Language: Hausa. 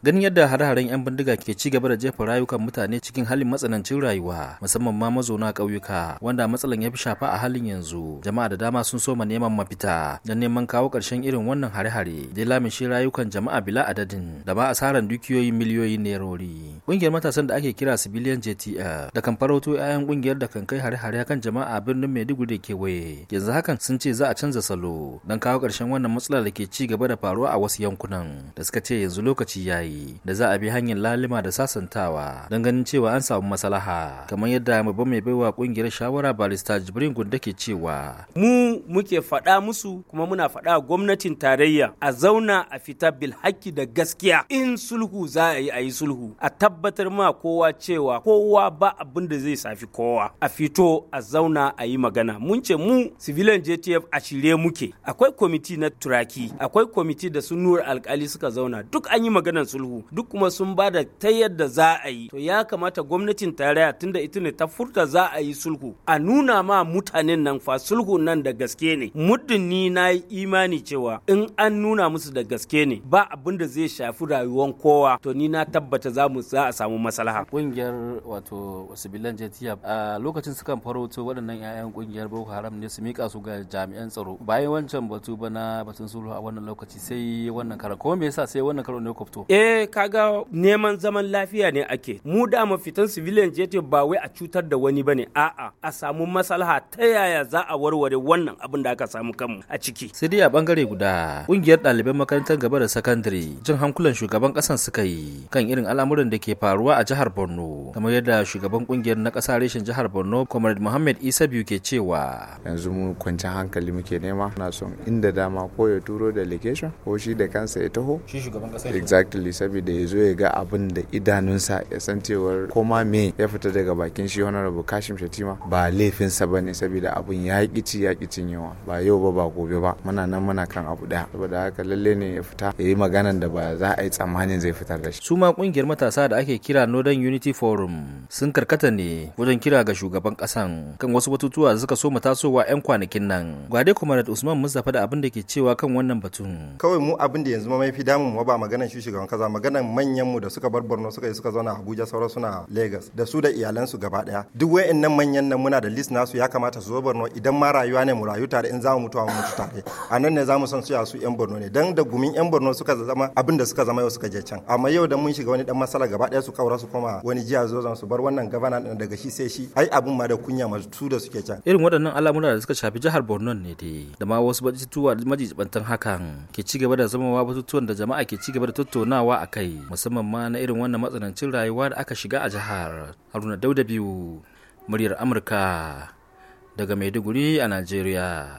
ganin yadda hare-haren 'yan bindiga ke ci gaba da jefa rayukan mutane cikin halin matsanancin rayuwa musamman ma mazauna ƙauyuka wanda matsalan ya fi shafa a halin yanzu jama'a da dama sun soma neman mafita don neman kawo ƙarshen irin wannan hare-hare da lamishe rayukan jama'a bila adadin da ba a asaran dukiyoyin miliyoyin nerori Ƙungiyar matasan da ake kira Civilian JTF da kan farauto 'ya'yan ƙungiyar da kan kai hare-hare kan jama'a a birnin Maiduguri da waye Yanzu hakan sun ce za a canza salo don kawo ƙarshen wannan matsalar da ke ci gaba da faruwa a wasu yankunan da suka ce yanzu lokaci ya yi da za a bi hanyar lalima da sasantawa don ganin cewa an samu masalaha. kamar yadda babban mai baiwa kungiyar shawara barista Jibrin Gunda ke cewa. Mu muke faɗa musu kuma muna faɗa gwamnatin tarayya a zauna a fita bilhaki da gaskiya in sulhu za a yi a yi sulhu a tab tabbatar ma kowa cewa kowa ba abin da zai safi kowa a fito a zauna a yi magana mun ce mu civilian jtf a shirye muke akwai kwamiti na turaki akwai kwamiti da sun nura alkali suka zauna duk an yi maganar sulhu duk kuma sun ba da ta yadda za a yi to ya kamata gwamnatin tarayya tunda ita ne ta furta za a yi sulhu a nuna ma mutanen nan fa sulhu nan da gaske ne muddin ni na yi imani cewa in an nuna musu da gaske ne ba abin da zai shafi rayuwar kowa to ni na tabbata za mu za a samu maslaha kungiyar wato sibilan jatiya a lokacin sukan farauto waɗannan 'ya'yan kungiyar boko haram ne su mika su ga jami'an tsaro bayan wancan batu bana batun sulhu a wannan lokaci sai wannan karan kuma me yasa sai wannan karo ne kwafto eh kaga neman zaman lafiya ne ake mu da mafitan civilian Jetiya ba wai a cutar da wani bane a'a a samu maslaha ta yaya za a warware wannan abin da aka samu kanmu a ciki sai a bangare guda kungiyar ɗaliban makarantar gaba da sakandare jin hankulan shugaban ƙasan suka yi kan irin al'amuran da ke ke faruwa a jihar borno kamar yadda shugaban kungiyar na kasa reshen jihar borno comrade muhammad isa biyu ke cewa yanzu mu kwanciyar hankali muke nema na son inda dama ko ya turo delegation ko shi da kansa ya taho shi shugaban ƙasa exactly saboda ya zo ya ga abin da idanunsa ya san cewar koma me ya fita daga bakin shi honorable kashim shatima ba laifinsa ba ne saboda abin ya kici ya kicin yawa ba yau ba ba gobe ba muna nan muna kan abu daya saboda haka lalle ne ya fita ya yi maganan da ba za a yi tsammanin zai fitar da shi su ma kungiyar matasa da ake kira Northern Unity Forum sun karkata ne wajen kira ga shugaban kasan kan wasu batutuwa da suka so mu tasowa 'yan kwanakin nan. Gwade kuma da Usman Mustapha da abin da ke cewa kan wannan batun. Kawai mu abin da yanzu ma mai fidamu mu ba maganar shi shugaban kaza maganar manyan mu da suka bar Borno suka yi suka zauna Abuja sauran suna Lagos da su da iyalansu gaba daya. Duk wayannan manyan nan muna da list nasu ya kamata su zo Borno idan ma rayuwa ne mu rayu tare in za mu mutuwa mu mutu tare. A nan ne za mu san su ya su 'yan Borno ne dan da gumin 'yan Borno suka zama abin da suka zama yau suka je can. Amma yau da mun shiga wani dan masala gaba ɗaya su kaura su koma wani jiya zan su bar wannan gavana ɗin daga shi sai shi ai abun ma da kunya masu da suke can irin waɗannan al'amura da suka shafi jihar Borno ne dai da ma wasu batutuwa majibantan hakan ke ci gaba da zamawa batutuwan da jama'a ke ci gaba da tattaunawa a kai musamman ma na irin wannan matsanancin rayuwa da aka shiga a jihar Haruna Dauda biyu muryar Amurka daga Maiduguri a Najeriya